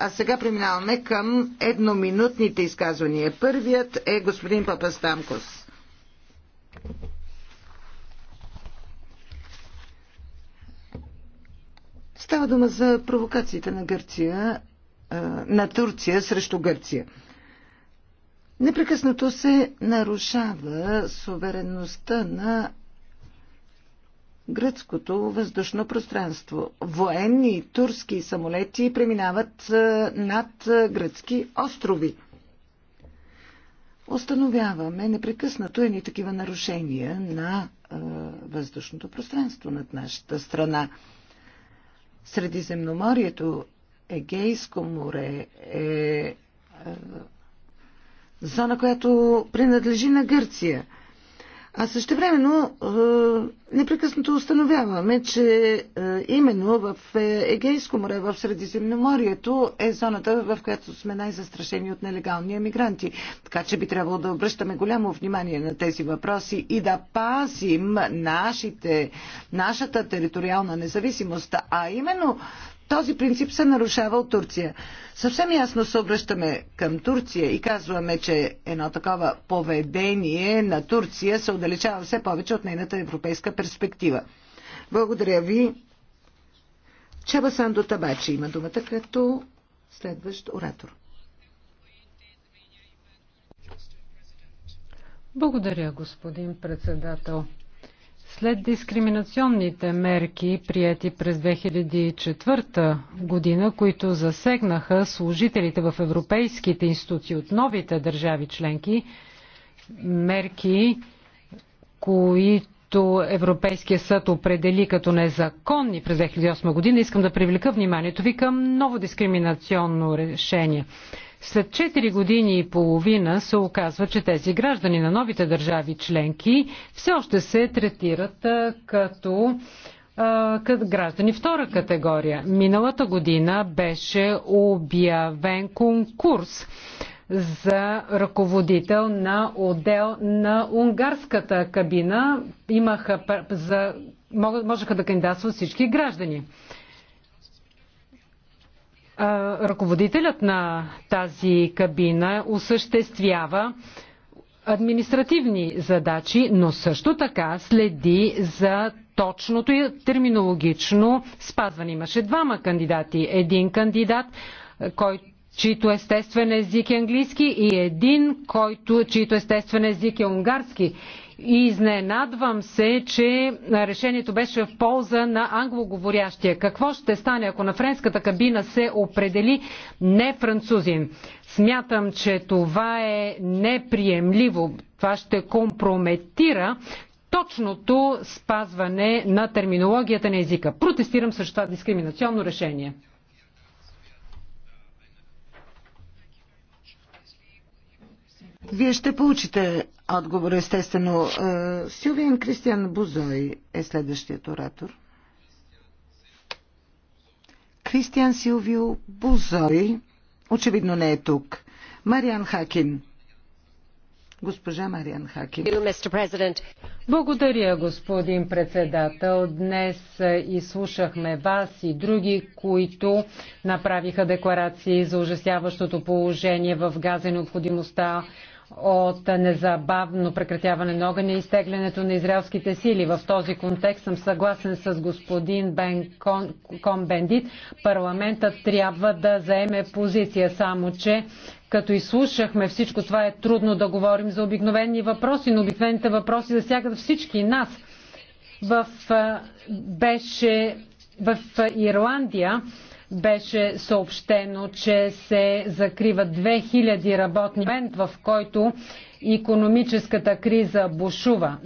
а сега преминаваме към едноминутните изказвания. Първият е господин Папастамкос. Става дума за провокациите на Гърция, на Турция срещу Гърция. Непрекъснато се нарушава суверенността на гръцкото въздушно пространство. Военни турски самолети преминават е, над е, гръцки острови. Остановяваме непрекъснато едни такива нарушения на е, въздушното пространство над нашата страна. Средиземноморието, Егейско море е, е зона, която принадлежи на Гърция – а също времено е, непрекъснато установяваме, че е, именно в е, Егейско море, в Средиземноморието е зоната, в която сме най-застрашени от нелегални емигранти. Така че би трябвало да обръщаме голямо внимание на тези въпроси и да пазим нашите, нашата териториална независимост, а именно този принцип се нарушава от Турция. Съвсем ясно се обръщаме към Турция и казваме, че едно такова поведение на Турция се отдалечава все повече от нейната европейска перспектива. Благодаря ви. Чеба Сандо Табачи има думата като следващ оратор. Благодаря, господин председател. След дискриминационните мерки, прияти през 2004 година, които засегнаха служителите в европейските институции от новите държави членки, мерки, които Европейския съд определи като незаконни през 2008 година, искам да привлека вниманието ви към ново дискриминационно решение. След 4 години и половина се оказва, че тези граждани на новите държави членки все още се третират като като граждани втора категория. Миналата година беше обявен конкурс за ръководител на отдел на унгарската кабина. Имаха за, можеха да кандидатстват всички граждани ръководителят на тази кабина осъществява административни задачи, но също така следи за точното и терминологично спазване. Имаше двама кандидати. Един кандидат, който чието естествен език е английски и един, който, чието естествен език е унгарски. И изненадвам се, че решението беше в полза на англоговорящия. Какво ще стане, ако на френската кабина се определи не французин? Смятам, че това е неприемливо. Това ще компрометира точното спазване на терминологията на езика. Протестирам срещу това дискриминационно решение. Вие ще получите отговор, естествено. Е, Силвиан Кристиан Бузой е следващият оратор. Кристиан Силвио Бузой очевидно не е тук. Мариан Хакин. Госпожа Мариан Хакин. Благодаря, господин председател. Днес е, изслушахме вас и други, които направиха декларации за ужасяващото положение в Газа и необходимостта от незабавно прекратяване на огъня и изтеглянето на израелските сили. В този контекст съм съгласен с господин Бен Кон Бендит. Парламентът трябва да заеме позиция, само че като изслушахме всичко това е трудно да говорим за обикновени въпроси, но обикновените въпроси засягат всички нас. В, беше в Ирландия беше съобщено, че се закриват 2000 работни момент, в който економическата криза бушува.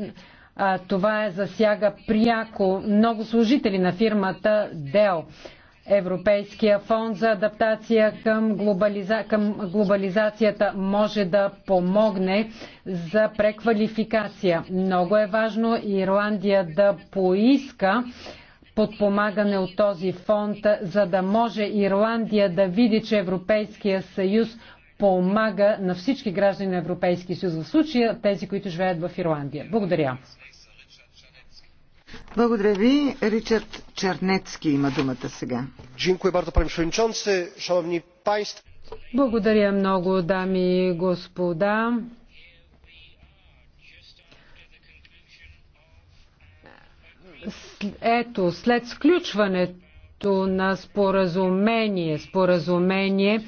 А, това е засяга пряко много служители на фирмата Дел. Европейския фонд за адаптация към, глобализа... към глобализацията може да помогне за преквалификация. Много е важно Ирландия да поиска подпомагане от този фонд, за да може Ирландия да види, че Европейския съюз помага на всички граждани на Европейския съюз, в случая тези, които живеят в Ирландия. Благодаря. Благодаря ви. Ричард Чернецки има думата сега. Благодаря много, дами и господа. ето, след сключването на споразумение, споразумение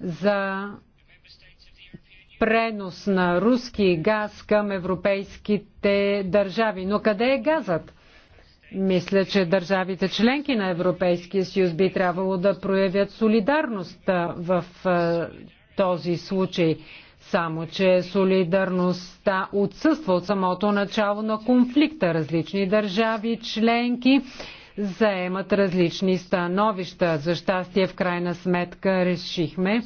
за пренос на руски газ към европейските държави. Но къде е газът? Мисля, че държавите членки на Европейския съюз би трябвало да проявят солидарност в този случай. Само, че солидарността отсъства от самото начало на конфликта. Различни държави, членки заемат различни становища. За щастие, в крайна сметка, решихме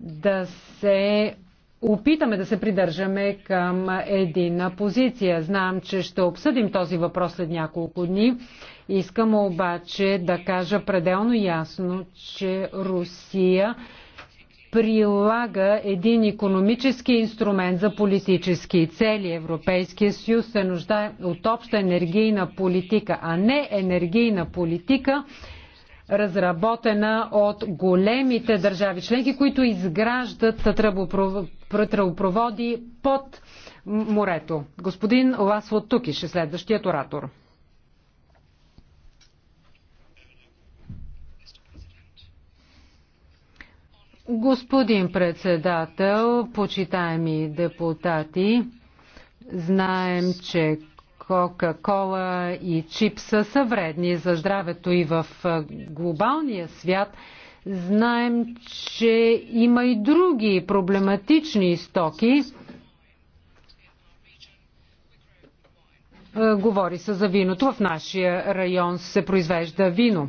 да се опитаме да се придържаме към една позиция. Знам, че ще обсъдим този въпрос след няколко дни. Искам обаче да кажа пределно ясно, че Русия прилага един економически инструмент за политически цели. Европейския съюз се нуждае от обща енергийна политика, а не енергийна политика, разработена от големите държави членки, които изграждат тръбопроводи под морето. Господин Ласло Тукиш е следващият оратор. Господин председател, почитаеми депутати, знаем, че Кока-кола и чипса са вредни за здравето и в глобалния свят. Знаем, че има и други проблематични стоки, Е, говори се за виното. В нашия район се произвежда вино. Е,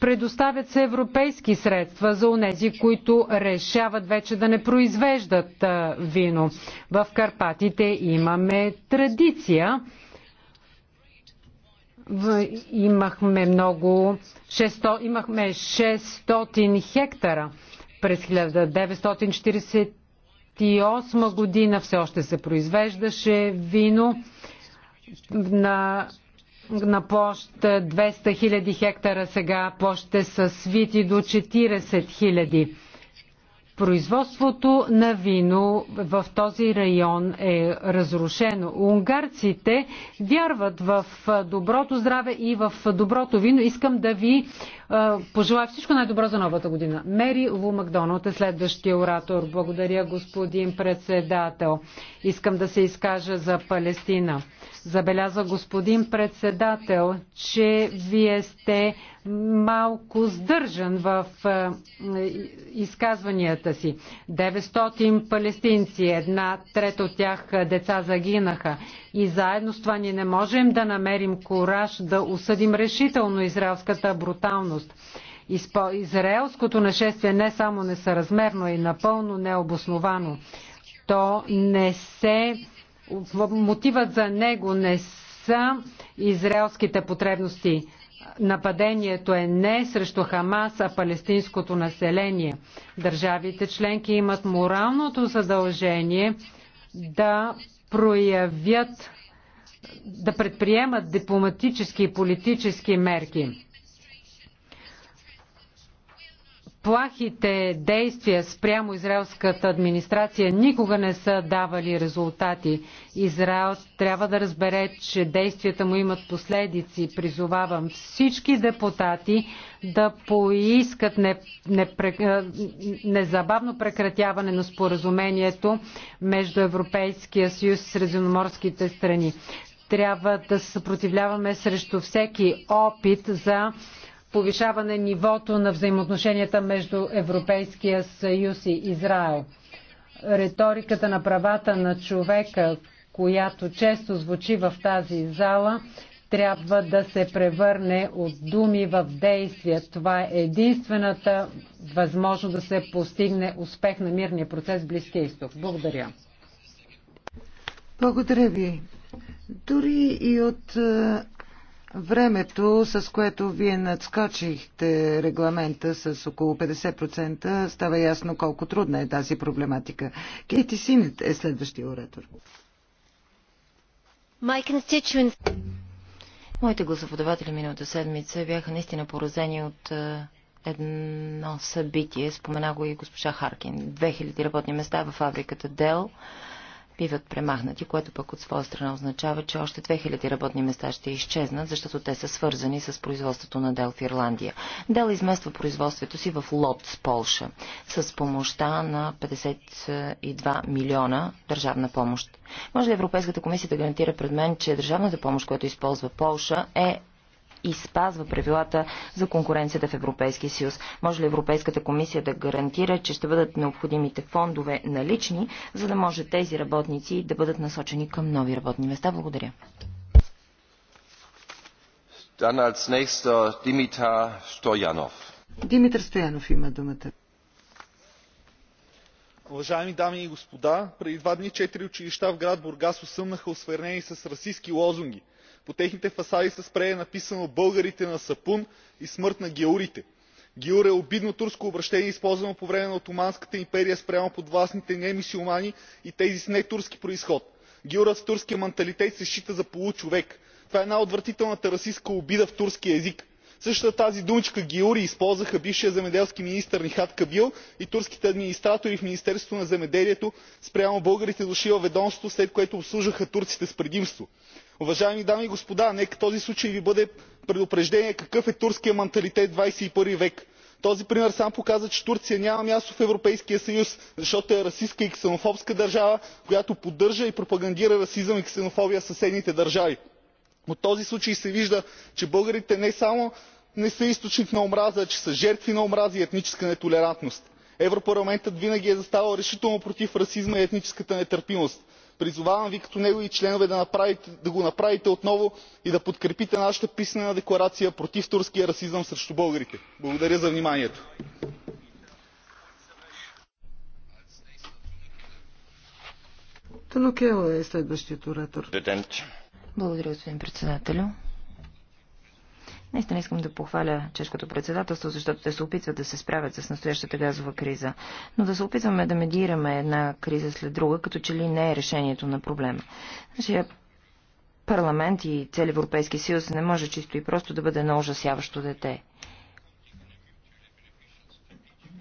предоставят се европейски средства за онези, които решават вече да не произвеждат е, вино. В Карпатите имаме традиция. Имахме много. 600, имахме 600 хектара през 1948 година все още се произвеждаше вино на, на площ 200 000 хектара, сега площите са свити до 40 000. Производството на вино в този район е разрушено. Унгарците вярват в доброто здраве и в доброто вино. Искам да ви Пожелая всичко най-добро за новата година. Мери Лу Макдоналд е следващия оратор. Благодаря, господин председател. Искам да се изкажа за Палестина. Забеляза господин председател, че вие сте малко сдържан в изказванията си. 900 палестинци, една трета от тях деца загинаха. И заедно с това ние не можем да намерим кораж да осъдим решително израелската бруталност опасност. Израелското нашествие не само несъразмерно, и напълно необосновано. То не се... Мотивът за него не са израелските потребности. Нападението е не срещу Хамас, а палестинското население. Държавите членки имат моралното задължение да проявят, да предприемат дипломатически и политически мерки. Плахите действия спрямо израелската администрация никога не са давали резултати. Израел трябва да разбере, че действията му имат последици. Призовавам всички депутати да поискат незабавно прекратяване на споразумението между Европейския съюз и средиземноморските страни. Трябва да се съпротивляваме срещу всеки опит за повишаване нивото на взаимоотношенията между Европейския съюз и Израел. Риториката на правата на човека, която често звучи в тази зала, трябва да се превърне от думи в действия. Това е единствената възможност да се постигне успех на мирния процес в Близкия изток. Благодаря. Благодаря ви. Дори и от е, Времето, с което вие надскочихте регламента с около 50%, става ясно колко трудна е тази проблематика. Кейти Синет е следващия оратор. Моите гласоподаватели миналата седмица бяха наистина поразени от е, едно събитие, спомена го и госпожа Харкин. 2000 работни места в фабриката Дел биват премахнати, което пък от своя страна означава, че още 2000 работни места ще изчезнат, защото те са свързани с производството на Дел в Ирландия. Дел измества производството си в Лот с Полша с помощта на 52 милиона държавна помощ. Може ли Европейската комисия да гарантира пред мен, че държавната помощ, която използва Полша е и спазва правилата за конкуренцията в Европейския съюз. Може ли Европейската комисия да гарантира, че ще бъдат необходимите фондове налични, за да може тези работници да бъдат насочени към нови работни места? Благодаря. Dann als nächster Dimitar Stojanov. Димитър Стоянов има думата. Уважаеми дами и господа, преди два дни четири училища в град Бургас осъмнаха освернени с расистски лозунги – по техните фасади със спрей е написано българите на сапун и смърт на гяурите. гяур е обидно турско обръщение използвано по време на отоманската империя спрямо подвластните немюсюлмани и тези с нетурски произход. гяурът в турския манталитет се счита за получовек. това е една отвратителната расистка обида в турски език. същата тази думичка гяури използваха бившият земеделски министър нихат кабил и турските администратори в министерството на земеделието спрямо българите дошли във ведомството след което обслужваха турците с предимство уважаеми дами и господа нека този случай ви бъде предупреждение какъв е турският манталитет в двадесет и първи век. този пример сам показа че турция няма място в европейския съюз защото е расистка и ксенофобска държава която поддържа и пропагандира расизъм и ксенофобия в съседните държави. от този случай се вижда че българите не само не са източник на омраза а че са жертви на омраза и етническа нетолерантност. европарламентът винаги е заставал решително против расизма и етническата нетърпимост призовавам ви като негови членове да го направите отново и да подкрепите нашата писмена декларация против турския расизъм срещу българите. благодаря за вниманието. Е благодаря, господин председателю. Наистина искам да похваля чешкото председателство, защото те се опитват да се справят с настоящата газова криза. Но да се опитваме да медираме една криза след друга, като че ли не е решението на проблема. Значи, парламент и цели Европейски съюз не може чисто и просто да бъде едно ужасяващо дете.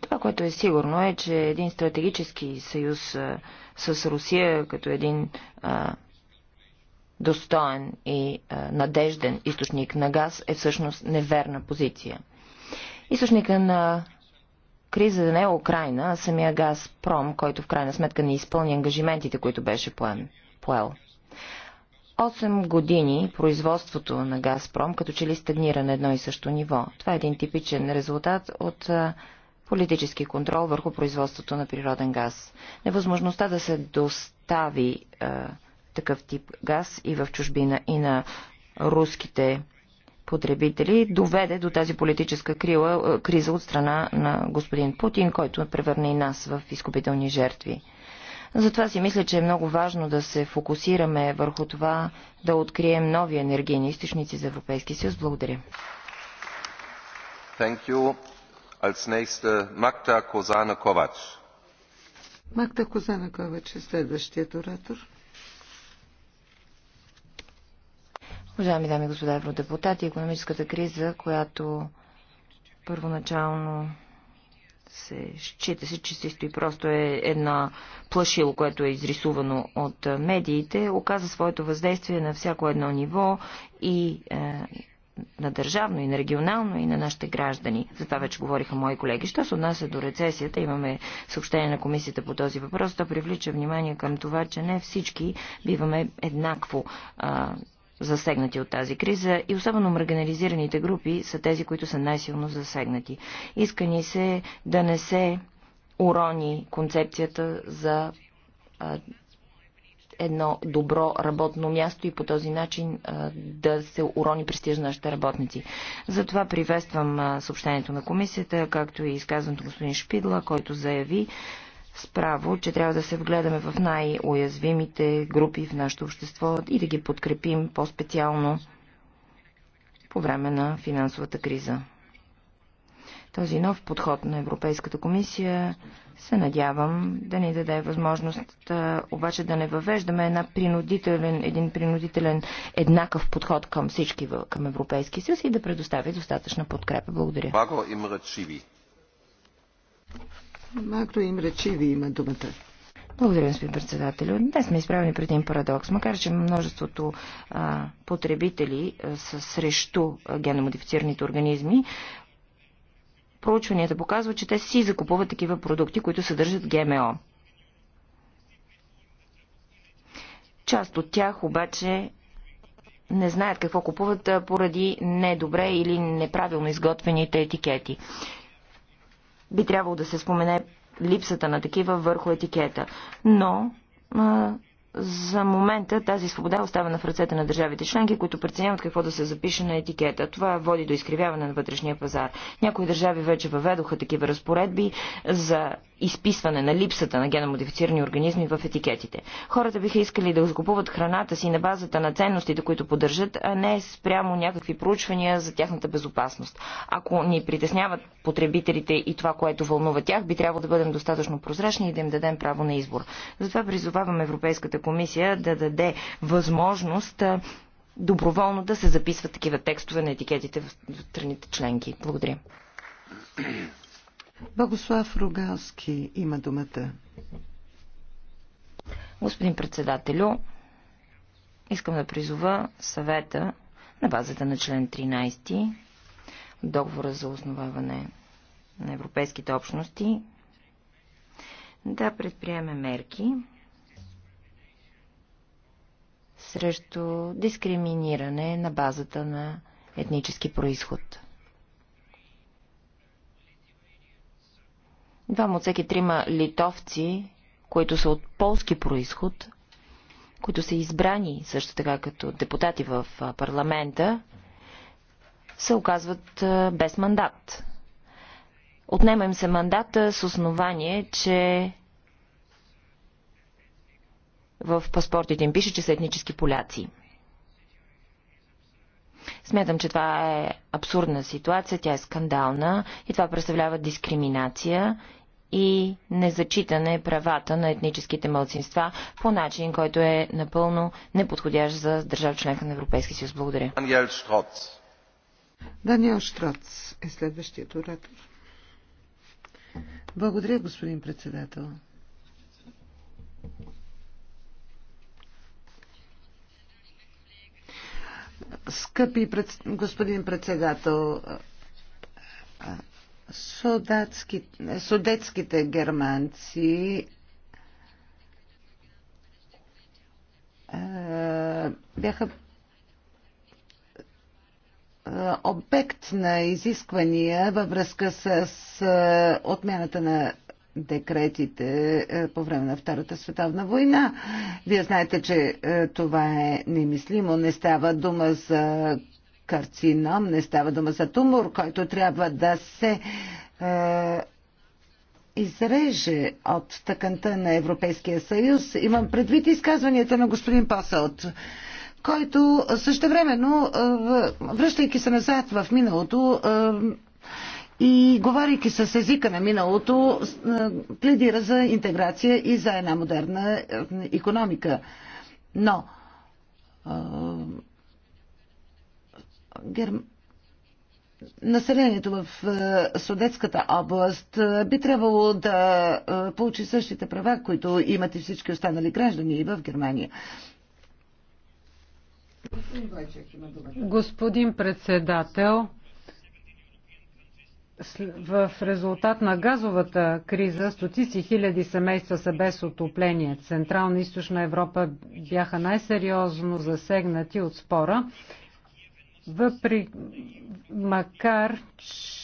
Това, което е сигурно е, че един стратегически съюз а, с Русия, като един а, достоен и надежден източник на газ е всъщност неверна позиция. Източника на криза не е Украина, а самия Газпром, който в крайна сметка не изпълни ангажиментите, които беше поел. 8 години производството на Газпром като че ли стагнира на едно и също ниво. Това е един типичен резултат от политически контрол върху производството на природен газ. Невъзможността да се достави такъв тип газ и в чужбина и на руските потребители, доведе до тази политическа крила, е, криза от страна на господин Путин, който превърна и нас в изкупителни жертви. Затова си мисля, че е много важно да се фокусираме върху това да открием нови енергийни източници за Европейски съюз. Благодаря. Thank you. Als nächste Magda Kozana Kovac. Магда Козана Ковач е следващият оратор. Уважаеми дами и господа евродепутати, економическата криза, която първоначално се счита се чисто и просто е една плашило, което е изрисувано от медиите, оказа своето въздействие на всяко едно ниво и е, на държавно, и на регионално, и на нашите граждани. За това вече говориха мои колеги. Що се отнася до рецесията, имаме съобщение на комисията по този въпрос. То привлича внимание към това, че не всички биваме еднакво е, засегнати от тази криза и особено маргинализираните групи са тези, които са най-силно засегнати. Иска ни се да не се урони концепцията за а, едно добро работно място и по този начин а, да се урони престиж на нашите работници. Затова приветствам а, съобщението на комисията, както и изказването господин Шпидла, който заяви, справо, че трябва да се вгледаме в най-уязвимите групи в нашето общество и да ги подкрепим по-специално по време на финансовата криза. Този нов подход на Европейската комисия се надявам да ни даде възможност обаче да не въвеждаме една принудителен, един принудителен еднакъв подход към всички към Европейски съюз и да предостави достатъчна подкрепа. Благодаря. Макро им речи ви има думата. Благодаря, господин председател. Днес сме изправени пред един парадокс. Макар, че множеството а, потребители а, са срещу геномодифицираните организми, проучванията показват, че те си закупуват такива продукти, които съдържат ГМО. Част от тях обаче не знаят какво купуват поради недобре или неправилно изготвените етикети. Би трябвало да се спомене липсата на такива върху етикета. Но а, за момента тази свобода остава в ръцете на държавите членки, които преценяват какво да се запише на етикета. Това води до изкривяване на вътрешния пазар. Някои държави вече въведоха такива разпоредби за изписване на липсата на геномодифицирани организми в етикетите. Хората биха искали да изкупуват храната си на базата на ценностите, които поддържат, а не спрямо някакви проучвания за тяхната безопасност. Ако ни притесняват потребителите и това, което вълнува тях, би трябвало да бъдем достатъчно прозрачни и да им дадем право на избор. Затова призоваваме Европейската комисия да даде възможност доброволно да се записват такива текстове на етикетите в страните членки. Благодаря. Богослав Ругалски има думата. Господин председателю, искам да призова съвета на базата на член 13 от договора за основаване на европейските общности да предприеме мерки срещу дискриминиране на базата на етнически происход. Двама от всеки трима литовци, които са от полски происход, които са избрани също така като депутати в парламента, се оказват без мандат. Отнема им се мандата с основание, че в паспортите им пише, че са етнически поляци. Смятам, че това е абсурдна ситуация, тя е скандална и това представлява дискриминация и незачитане правата на етническите мълцинства по начин, който е напълно неподходящ за държава членка на Европейския съюз. Благодаря. Даниел Штроц. Даниел Штроц е следващият оратор. Благодаря, господин председател. Скъпи пред... господин председател, судатски... судетските германци е, бяха е, обект на изисквания във връзка с е, отмяната на декретите е, по време на Втората световна война. Вие знаете, че е, това е немислимо. Не става дума за карцином, не става дума за тумор, който трябва да се е, изреже от тъканта на Европейския съюз. Имам предвид изказванията на господин Посълт който също времено, е, връщайки се назад в миналото, и говорейки с езика на миналото, е, пледира за интеграция и за една модерна е, економика. Но е, гер... населението в Судетската област би трябвало да получи същите права, които имат и всички останали граждани и в Германия. Господин председател, в резултат на газовата криза стотици хиляди семейства са без отопление. Централна и източна Европа бяха най-сериозно засегнати от спора, Въпри... макар,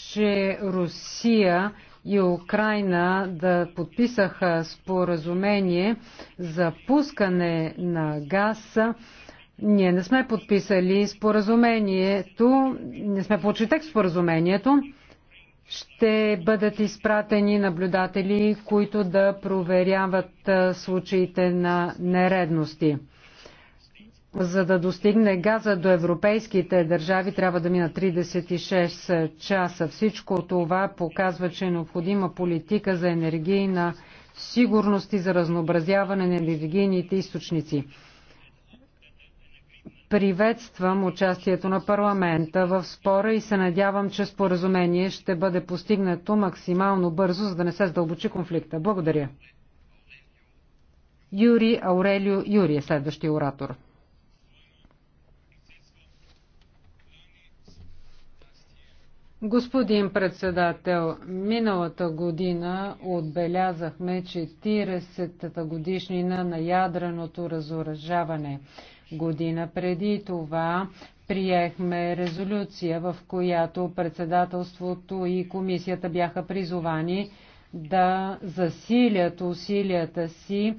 че Русия и Украина да подписаха споразумение за пускане на газ, ние не сме подписали споразумението, не сме получили текст споразумението ще бъдат изпратени наблюдатели, които да проверяват случаите на нередности. За да достигне газа до европейските държави, трябва да мина 36 часа. Всичко това показва, че е необходима политика за енергийна сигурност и за разнообразяване на енергийните източници. Приветствам участието на парламента в спора и се надявам, че споразумение ще бъде постигнато максимално бързо, за да не се задълбочи конфликта. Благодаря. Юри Аурелио Юри е следващия оратор. Господин председател, миналата година отбелязахме 40-та годишнина на ядреното разоръжаване година. Преди това приехме резолюция, в която председателството и комисията бяха призовани да засилят усилията си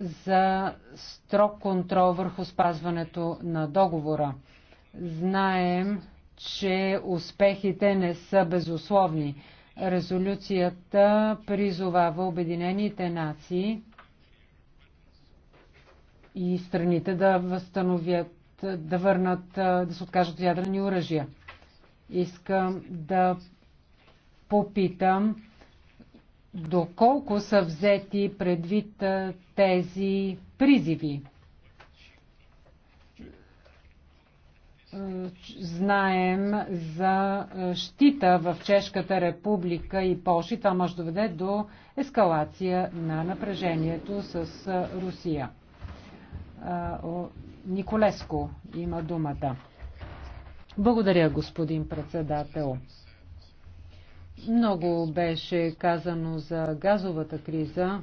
за строг контрол върху спазването на договора. Знаем, че успехите не са безусловни. Резолюцията призовава Обединените нации и страните да възстановят, да върнат, да се откажат от ядрени оръжия. Искам да попитам доколко са взети предвид тези призиви. знаем за щита в Чешката република и Польша. Това може да доведе до ескалация на напрежението с Русия. Николеско има думата. Благодаря, господин председател. Много беше казано за газовата криза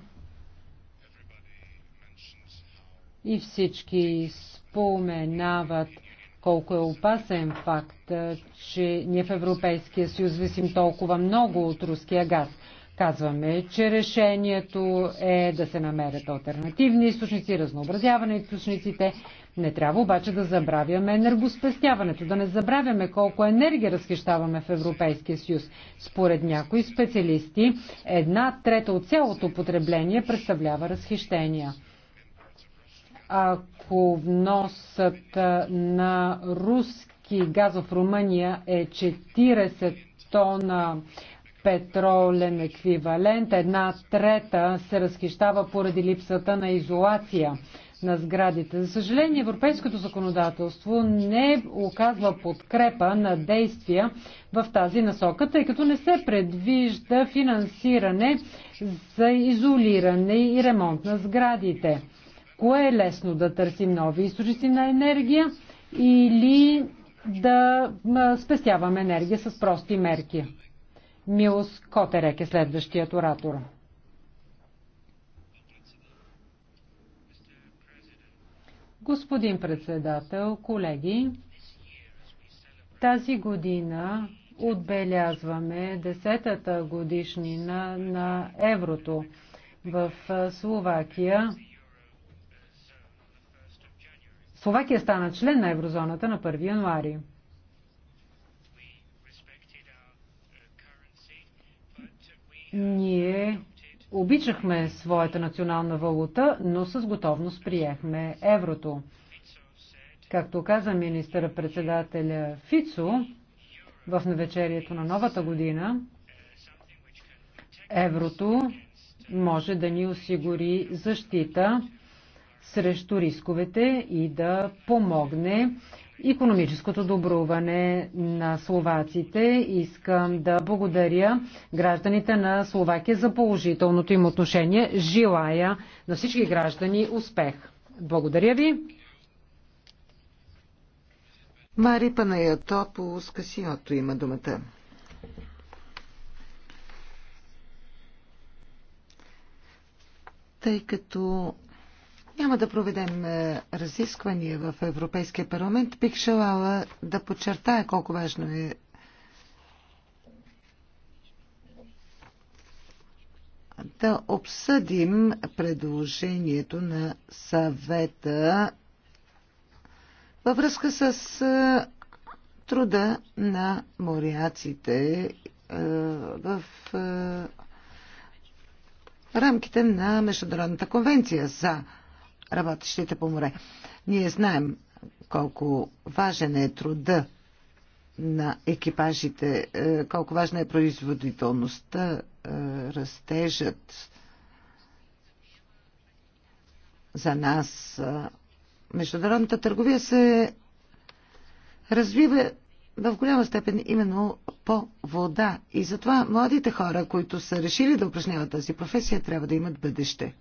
и всички споменават колко е опасен факт, че ние в Европейския съюз висим толкова много от руския газ. Казваме, че решението е да се намерят альтернативни източници, разнообразяване на източниците. Не трябва обаче да забравяме енергоспестяването, да не забравяме колко енергия разхищаваме в Европейския съюз. Според някои специалисти, една трета от цялото потребление представлява разхищения. Ако вносът на руски газ в Румъния е 40 тона петролен еквивалент. Една трета се разхищава поради липсата на изолация на сградите. За съжаление, европейското законодателство не оказва подкрепа на действия в тази насока, тъй като не се предвижда финансиране за изолиране и ремонт на сградите. Кое е лесно да търсим нови източници на енергия или да спестяваме енергия с прости мерки? Милос Котерек е следващият оратор. Господин председател, колеги, тази година отбелязваме 10-та годишнина на еврото в Словакия. Словакия стана член на еврозоната на 1 януари. Ние обичахме своята национална валута, но с готовност приехме еврото. Както каза министър-председателя Фицо, в навечерието на новата година, еврото може да ни осигури защита срещу рисковете и да помогне економическото добруване на словаците. Искам да благодаря гражданите на Словакия за положителното им отношение. Желая на всички граждани успех. Благодаря ви. Мари Панаятопо по Касиото има думата. Тъй като няма да проведем е, разисквания в Европейския парламент. Бих желала да подчертая колко важно е да обсъдим предложението на съвета във връзка с е, труда на моряците е, в рамките на Международната конвенция за работещите по море. Ние знаем колко важен е труда на екипажите, е, колко важна е производителността, е, растежът за нас. Е, международната търговия се развива в голяма степен именно по вода. И затова младите хора, които са решили да упражняват тази професия, трябва да имат бъдеще.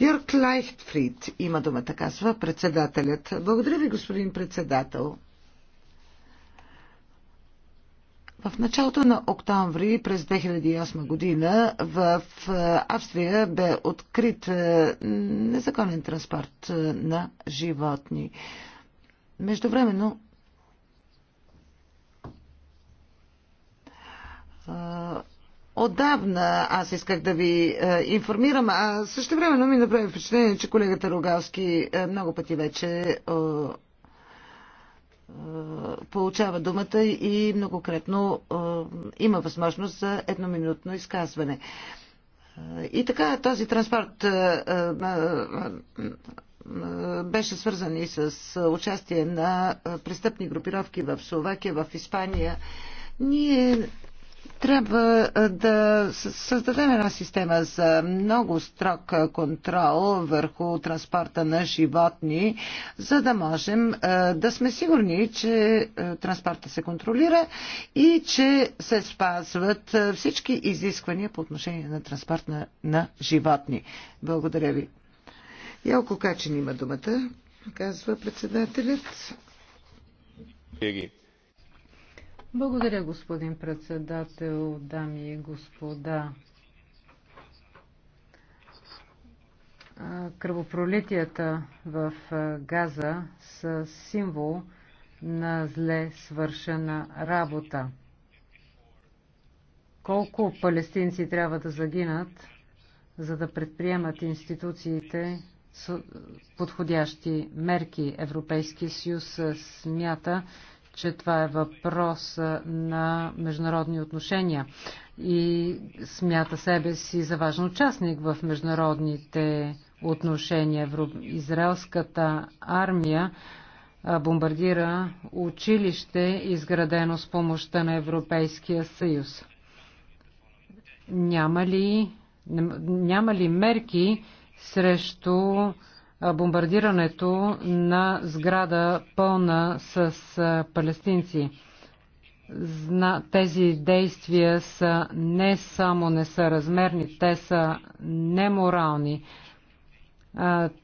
Йорк Лайхтфрид има думата, казва председателят. Благодаря ви, господин председател. В началото на октомври през 2008 година в Австрия бе открит незаконен транспорт на животни. Междувременно Отдавна аз исках да ви е, информирам, а също времено ми направи впечатление, че колегата Рогалски е, много пъти вече е, е, получава думата и многократно е, има възможност за едноминутно изказване. Е, и така този транспорт е, е, е, беше свързан и с участие на е, престъпни групировки в Словакия, в Испания. Ние трябва да създадем една система за много строг контрол върху транспорта на животни, за да можем да сме сигурни, че транспорта се контролира и че се спазват всички изисквания по отношение на транспорт на, на животни. Благодаря ви. Ялко Качин има думата, казва председателят. Благодаря, господин председател, дами и господа. Кръвопролитията в Газа са символ на зле свършена работа. Колко палестинци трябва да загинат, за да предприемат институциите подходящи мерки? Европейски съюз смята, че това е въпрос на международни отношения и смята себе си за важен участник в международните отношения. Израелската армия бомбардира училище, изградено с помощта на Европейския съюз. Няма ли, няма ли мерки срещу бомбардирането на сграда пълна с палестинци. Тези действия са не само несъразмерни, те са неморални.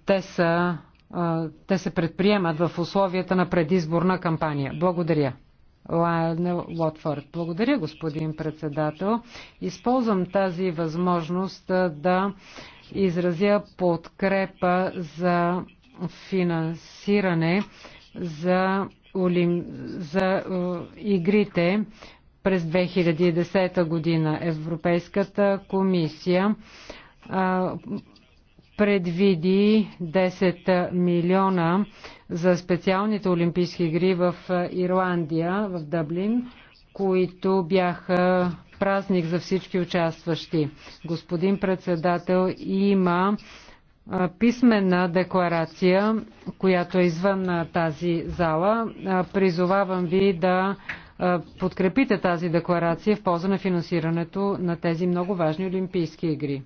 Те, са, те се предприемат в условията на предизборна кампания. Благодаря. Лайонел Лотфорд. Благодаря, господин председател. Използвам тази възможност да изразя подкрепа за финансиране за, олим... за игрите през 2010 година. Европейската комисия предвиди 10 милиона за специалните Олимпийски игри в е, Ирландия, в Дъблин, които бяха празник за всички участващи. Господин председател, има е, писмена декларация, която е извън е, тази зала. Призовавам ви да подкрепите тази декларация в полза на финансирането на тези много важни Олимпийски игри.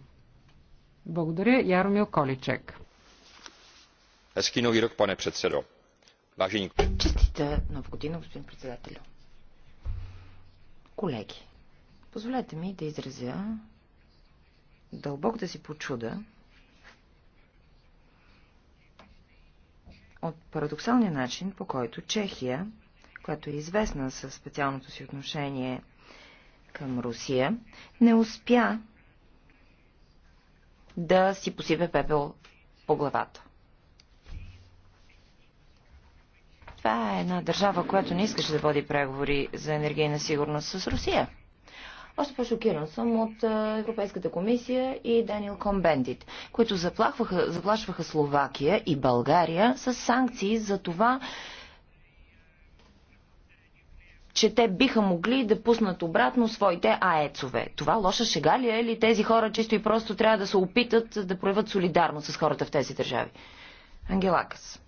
Благодаря. Яромил Количек. Hezký nový rok, pane předsedo. Vážení... господин председател. Колеги, позволете ми да изразя дълбок да си почуда от парадоксалния начин, по който Чехия, която е известна със специалното си отношение към Русия, не успя да си посипе пепел по главата. Това е една държава, която не искаше да води преговори за енергийна сигурност с Русия. Още по-шокиран съм от Европейската комисия и Даниел Комбендит, които заплашваха Словакия и България с санкции за това, че те биха могли да пуснат обратно своите аецове. Това лоша шега ли е или тези хора чисто и просто трябва да се опитат да проявят солидарност с хората в тези държави? Ангелакас.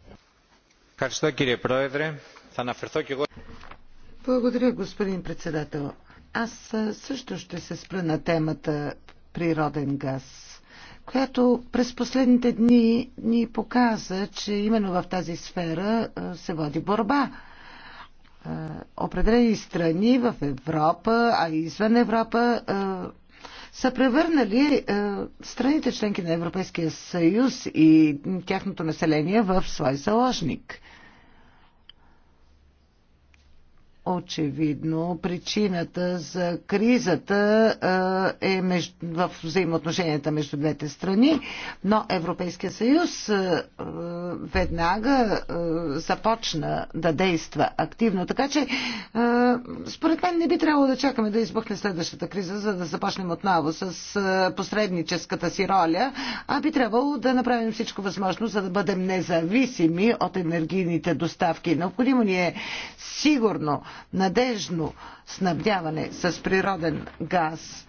Благодаря, господин председател. Аз също ще се спра на темата природен газ, която през последните дни ни показа, че именно в тази сфера се води борба. Определени страни в Европа, а и извън Европа са превърнали е, страните членки на Европейския съюз и тяхното население в свой заложник – Очевидно, причината за кризата е в взаимоотношенията между двете страни, но Европейския съюз веднага започна да действа активно. Така че, според мен, не би трябвало да чакаме да избухне следващата криза, за да започнем отново с посредническата си роля, а би трябвало да направим всичко възможно, за да бъдем независими от енергийните доставки. Необходимо ни е сигурно надежно снабдяване с природен газ,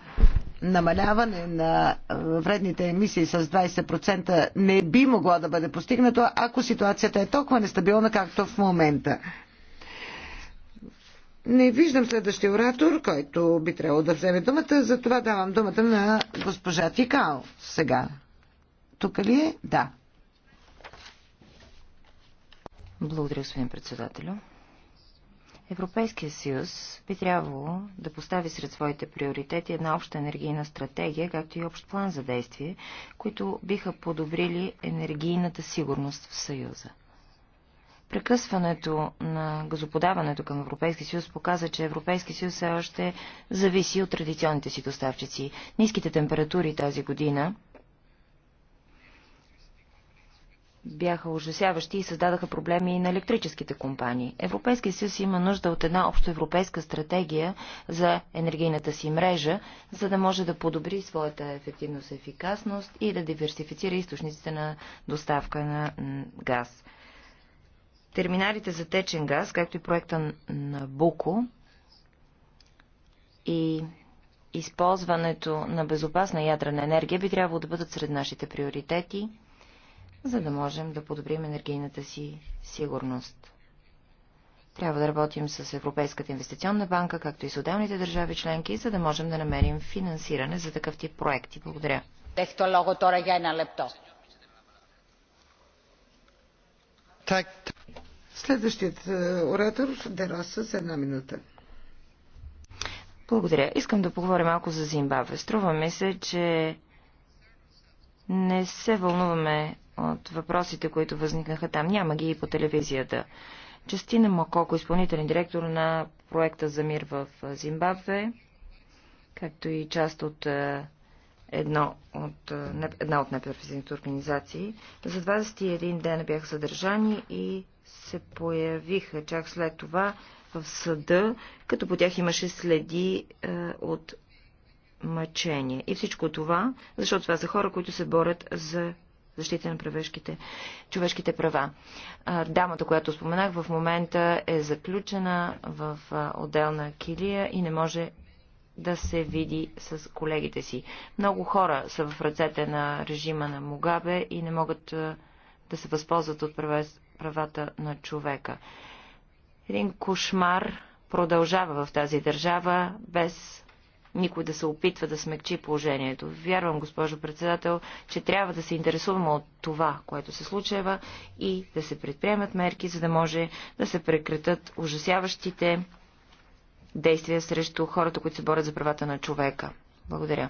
намаляване на е, вредните емисии с 20% не би могло да бъде постигнато, ако ситуацията е толкова нестабилна, както в момента. Не виждам следващия оратор, който би трябвало да вземе думата, затова давам думата на госпожа Тикао сега. Тук ли е? Да. Благодаря, господин председателю. Европейския съюз би трябвало да постави сред своите приоритети една обща енергийна стратегия, както и общ план за действие, които биха подобрили енергийната сигурност в Съюза. Прекъсването на газоподаването към Европейския съюз показа, че Европейския съюз все още зависи от традиционните си доставчици. Ниските температури тази година бяха ужасяващи и създадаха проблеми и на електрическите компании. Европейския съюз има нужда от една общоевропейска стратегия за енергийната си мрежа, за да може да подобри своята ефективност и ефикасност и да диверсифицира източниците на доставка на газ. Терминалите за течен газ, както и проекта на Буко и използването на безопасна ядрена енергия би трябвало да бъдат сред нашите приоритети – за да можем да подобрим енергийната си сигурност. Трябва да работим с Европейската инвестиционна банка, както и с отделните държави членки, за да можем да намерим финансиране за такъв тип проекти. Благодаря. Следващият е, оратор Дероса за една минута. Благодаря. Искам да поговоря малко за Зимбабве. Струва ми се, че не се вълнуваме от въпросите, които възникнаха там. Няма ги и по телевизията. Частина Макоко, изпълнителен директор на проекта за мир в Зимбабве, както и част от е, едно от, е, една от неправителствените организации. За 21 дена бяха съдържани и се появиха чак след това в съда, като по тях имаше следи е, от мъчение. И всичко това, защото това са хора, които се борят за защита на човешките права. Дамата, която споменах, в момента е заключена в отделна килия и не може да се види с колегите си. Много хора са в ръцете на режима на Мугабе и не могат да се възползват от правата на човека. Един кошмар продължава в тази държава без никой да се опитва да смекчи положението. Вярвам, госпожо председател, че трябва да се интересуваме от това, което се случва и да се предприемат мерки, за да може да се прекратят ужасяващите действия срещу хората, които се борят за правата на човека. Благодаря.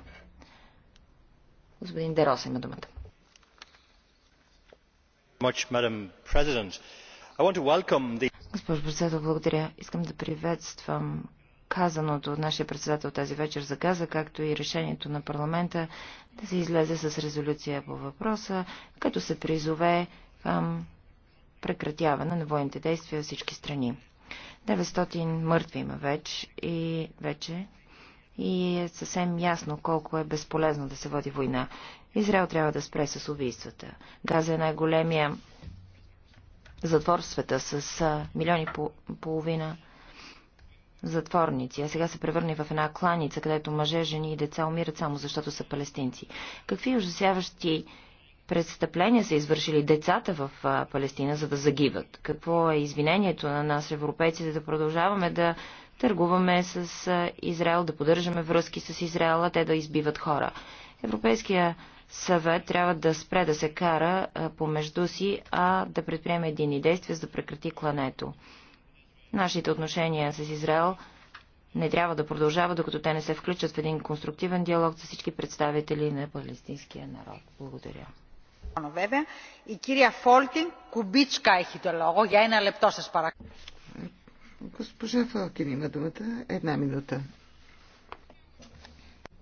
Господин Дерос има думата. Госпожо председател, благодаря. Искам да приветствам казаното от нашия председател тази вечер за газа, както и решението на парламента да се излезе с резолюция по въпроса, като се призове към прекратяване на военните действия от всички страни. 900 мъртви има вече и вече и е съвсем ясно колко е безполезно да се води война. Израел трябва да спре с убийствата. Газа е най-големия затвор в света с милиони и половина затворници, а сега се превърне в една кланица, където мъже, жени и деца умират само защото са палестинци. Какви ужасяващи престъпления са извършили децата в Палестина, за да загиват? Какво е извинението на нас, европейците, да продължаваме да търгуваме с Израел, да поддържаме връзки с Израел, а те да избиват хора? Европейския съвет трябва да спре да се кара помежду си, а да предприеме едини действия, за да прекрати клането. Нашите отношения с Израел не трябва да продължава, докато те не се включат в един конструктивен диалог с всички представители на палестинския народ. Благодаря. Госпожа Фолкин, има думата. Една минута.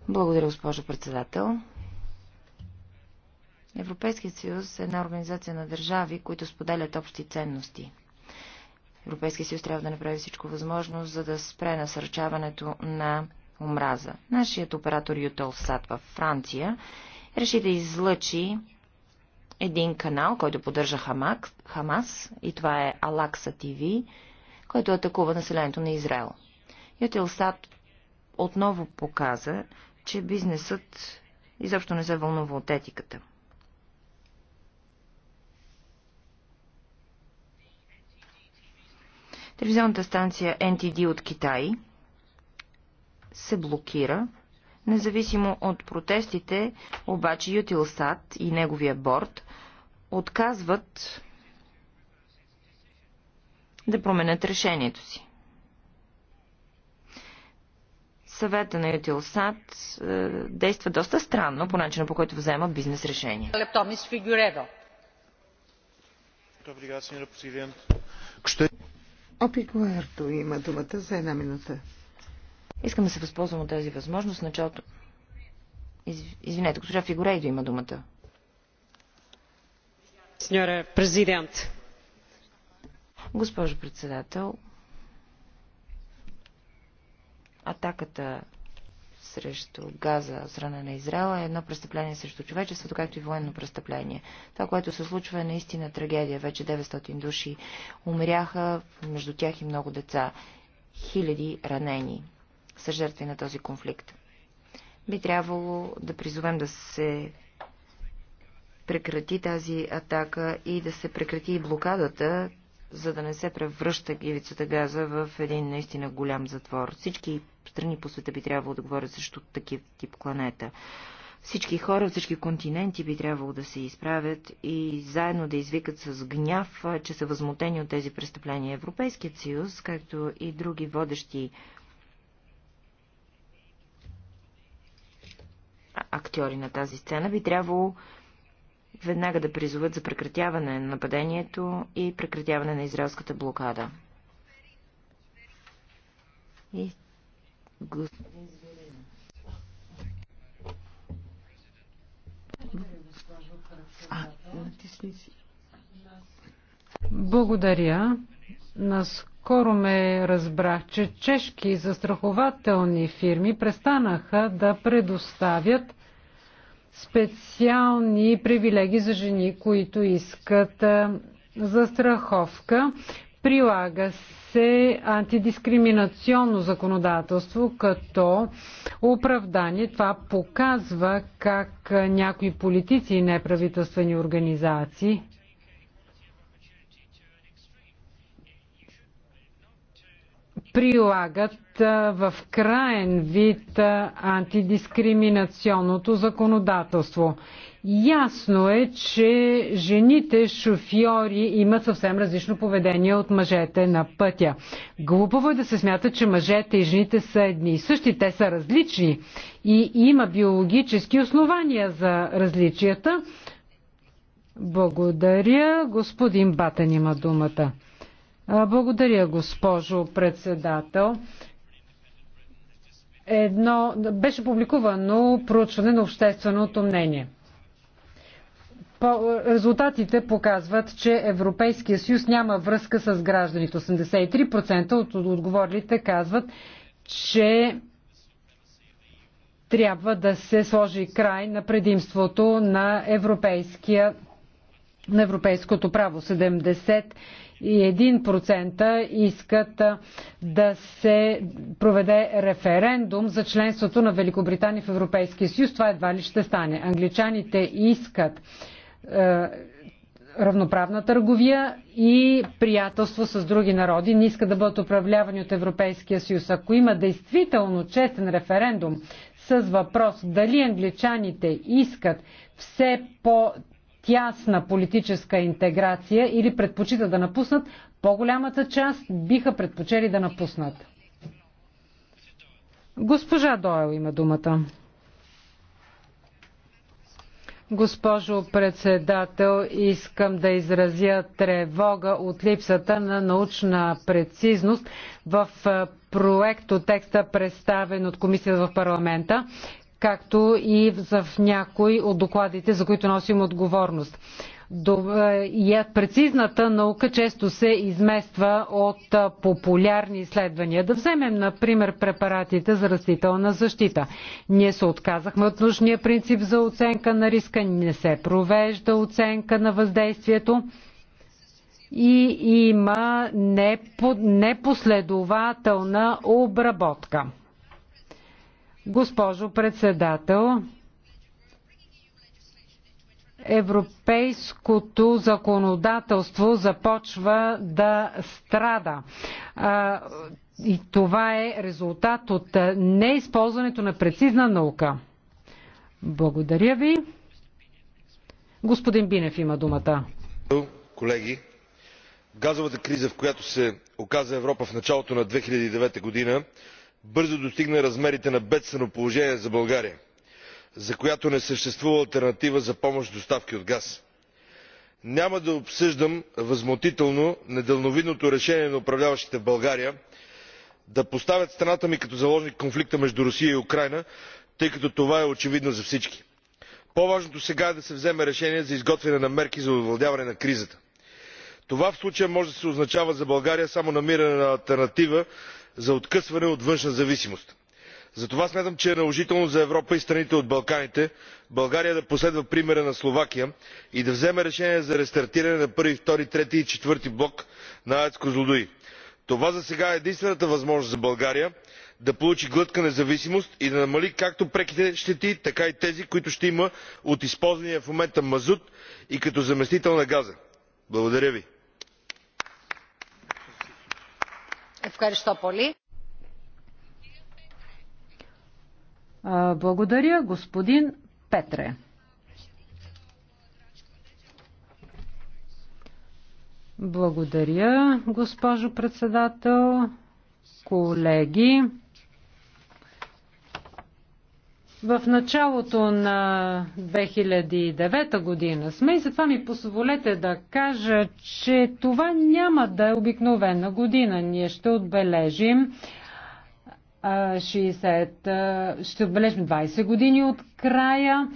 Благодаря, госпожо председател. Европейският съюз е една организация на държави, които споделят общи ценности – Европейския съюз трябва да направи всичко възможно, за да спре насърчаването на омраза. Нашият оператор Ютолсат във Франция реши да излъчи един канал, който поддържа Хамак, Хамас, и това е Алакса ТВ, който атакува населението на Израел. Ютилсат отново показа, че бизнесът изобщо не се вълнува от етиката. Телевизионната станция NTD от Китай се блокира. Независимо от протестите, обаче Ютилсат и неговия борт отказват да променят решението си. Съвета на Ютилсат е, действа доста странно по начина по който взема бизнес решение. Опи има думата за една минута. Искам да се възползвам от тази възможност. Началото... Из... Извинете, госпожа Фигурейдо има думата. Сеньора президент. Госпожо председател, атаката срещу Газа от страна на Израел, е едно престъпление срещу човечеството, както и военно престъпление. Това, което се случва е наистина трагедия. Вече 900 души умряха, между тях и много деца. Хиляди ранени са жертви на този конфликт. Би трябвало да призовем да се прекрати тази атака и да се прекрати и блокадата, за да не се превръща гивицата газа в един наистина голям затвор. Всички страни по света би трябвало да говорят срещу такив тип планета. Всички хора, всички континенти би трябвало да се изправят и заедно да извикат с гняв, че са възмутени от тези престъпления. Европейският съюз, както и други водещи актьори на тази сцена, би трябвало веднага да призоват за прекратяване на нападението и прекратяване на израелската блокада. И господин Благодаря. Наскоро ме разбрах, че чешки застрахователни фирми престанаха да предоставят специални привилегии за жени, които искат застраховка. Прилага се антидискриминационно законодателство като оправдание. Това показва как някои политици и неправителствени организации прилагат в краен вид антидискриминационното законодателство. Ясно е, че жените шофьори имат съвсем различно поведение от мъжете на пътя. Глупаво е да се смята, че мъжете и жените са едни и същи, те са различни и има биологически основания за различията. Благодаря. Господин Батен има думата. Благодаря, госпожо председател. Едно беше публикувано проучване на общественото мнение. По, резултатите показват, че Европейския съюз няма връзка с гражданите. 83% от отговорлите казват, че трябва да се сложи край на предимството на, европейския, на европейското право. 70 и 1% искат да се проведе референдум за членството на Великобритания в Европейския съюз. Това едва ли ще стане. Англичаните искат равноправна търговия и приятелство с други народи, не искат да бъдат управлявани от Европейския съюз. Ако има действително честен референдум с въпрос дали англичаните искат все по тясна политическа интеграция или предпочита да напуснат, по-голямата част биха предпочели да напуснат. Госпожа Дойл има думата. Госпожо председател, искам да изразя тревога от липсата на научна прецизност в проекто текста, представен от комисията в парламента както и в някои от докладите, за които носим отговорност. Е, е, прецизната наука често се измества от популярни изследвания. Да вземем, например, препаратите за растителна защита. Ние се отказахме от нужния принцип за оценка на риска, не се провежда оценка на въздействието и има непоследователна обработка. Госпожо председател, европейското законодателство започва да страда. И това е резултат от неизползването на прецизна наука. Благодаря ви. Господин Бинев има думата. Колеги, газовата криза, в която се оказа Европа в началото на 2009 година, бързо достигна размерите на бедствено положение за българя за която не съществува алтернатива за помощ с доставки от газ. няма да обсъждам възмутително недалновидното решение на управляващите в българя да поставят страната ми като заложник в конфликта между русия и украйна тъй като това е очевидно за всички. по важното сега е да се вземе решение за изготвяне на мерки за овладяване на кризата. това в случая може да означава за българя само намиране на алтернатива за откъсване от външна зависимост. затова смятам че е наложително за европа и страните от балканите българя да последва примера на словакия и да вземе решение за рестартиране на първи втори трети и четвърти блок на аец козлодуй. това засега е единствената възможност за българя да получи глътка независимост и да намали както преките щети така и тези които ще има от използвания в момента мазут и като заместител на газа. благодаря ви. Благодаря, господин Петре. Благодаря, госпожо председател, колеги в началото на 2009 година сме и затова ми позволете да кажа, че това няма да е обикновена година. Ние ще отбележим 60, ще отбележим 20 години от края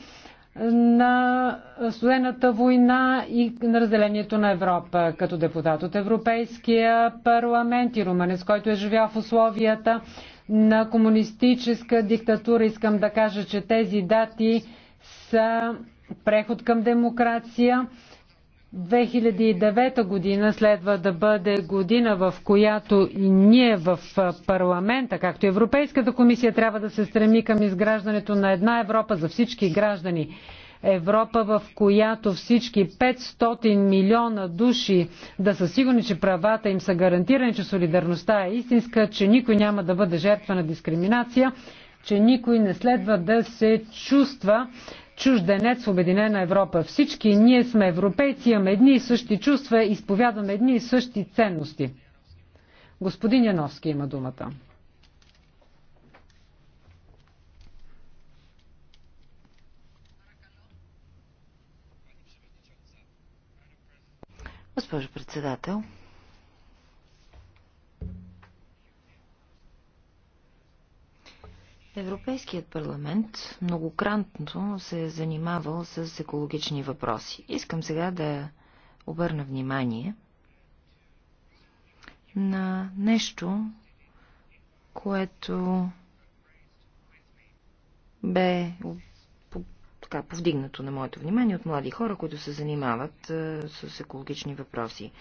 на студената война и на разделението на Европа. Като депутат от Европейския парламент и румънец, който е живял в условията на комунистическа диктатура. Искам да кажа, че тези дати са преход към демокрация. 2009 година следва да бъде година, в която и ние в парламента, както и Европейската комисия, трябва да се стреми към изграждането на една Европа за всички граждани. Европа, в която всички 500 милиона души да са сигурни, че правата им са гарантирани, че солидарността е истинска, че никой няма да бъде жертва на дискриминация, че никой не следва да се чувства чужденец в Обединена Европа. Всички ние сме европейци, имаме едни и същи чувства, изповядваме едни и същи ценности. Господин Яновски има думата. госпожо председател. Европейският парламент многократно се е занимавал с екологични въпроси. Искам сега да обърна внимание на нещо, което бе така повдигнато на моето внимание от млади хора, които се занимават а, с екологични въпроси.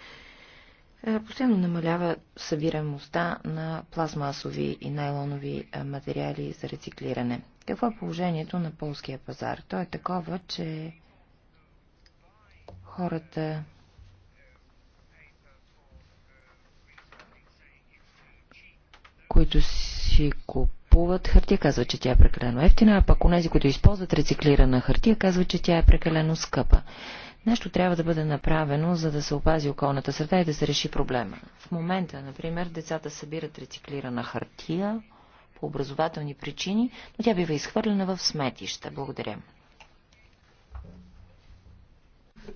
последно постоянно намалява събираемостта на пластмасови и найлонови материали за рециклиране. Какво е положението на полския пазар? То е такова, че хората които си купуват купуват хартия, казват, че тя е прекалено ефтина, а пък онези, които използват рециклирана хартия, казват, че тя е прекалено скъпа. Нещо трябва да бъде направено, за да се опази околната среда и да се реши проблема. В момента, например, децата събират рециклирана хартия по образователни причини, но тя бива изхвърлена в сметища. Благодаря.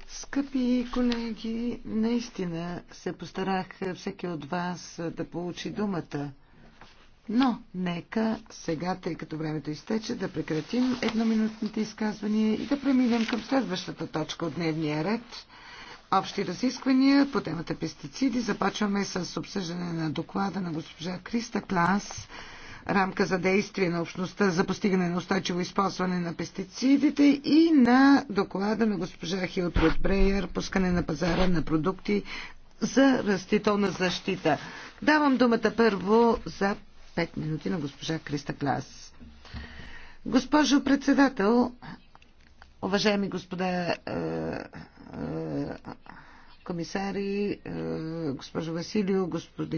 Скъпи колеги, наистина се постарах всеки от вас да получи думата. Но нека сега, тъй като времето изтече, да прекратим едноминутните изказвания и да преминем към следващата точка от дневния ред. Общи разисквания по темата пестициди. Започваме с обсъждане на доклада на госпожа Криста Клас рамка за действие на общността за постигане на устойчиво използване на пестицидите и на доклада на госпожа Хилтруд Брейер пускане на пазара на продукти за растителна защита. Давам думата първо за 5 минути на госпожа Криста Клас. Госпожо председател, уважаеми господа е, е, комисари, е, госпожо Василио, господин